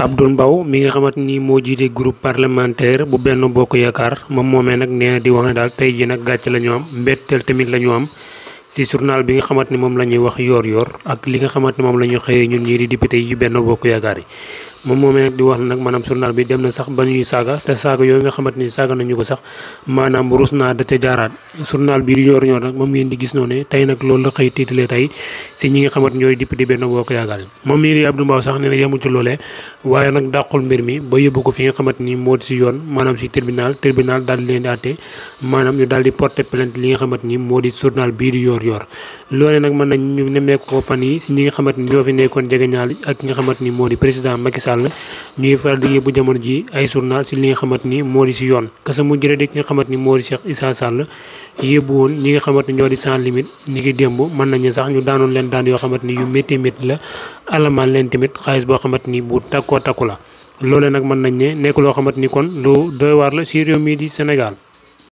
Abdoul Mbow mi nga xamante ni moo jiite groupe parlementaire bu benn bokk yaakaar moom moomee nag nee na di wax ne daal tey jii nag gàcce la ñu am mbetteel tamit la ñu am ci journal bi nga xamante ni moom la ñuy wax yoor yoor ak li nga xamante ni moom la ñu xëyee ñun ñii di député yi benn bokk yaakaar yi. moom moomee nag di wax nag maanaam journal bi dem na sax ba ñuy saaga te saaga yooyu nga xamante ni saaga nañu ko sax maanaam ruus naa da ca jaaraat journal mi ba yóbbu fi nga xamante ni moo di si yoon maanaam si tribunal tribunal daal di leen di àtte maanaam ñu daal ni moo di journal bii di yor yor loolee nag mën nañ ñu nemmeeku fan yi si ñi nga ni ñoo fi nekkoon jegeñaal ak ki nga ni moo di président Macky Sall ñuy faral di yóbbu jamono ji ay journal si li nga xamante ni moo di yoon kasa mu ki nga xamante ni moo di Cheikh Issa Sall woon ñi nga xamante ni ñoo di sans limite ñi ngi démb mën nañu sax ñu daanoon leen daan yoo xamante ni yu métti métti la alamaan leen tamit xaalis boo xamante ni bu takkoo takku la loolee nag mën nañ ne nekk loo ni kon lu doy waar la si réew mii di Sénégal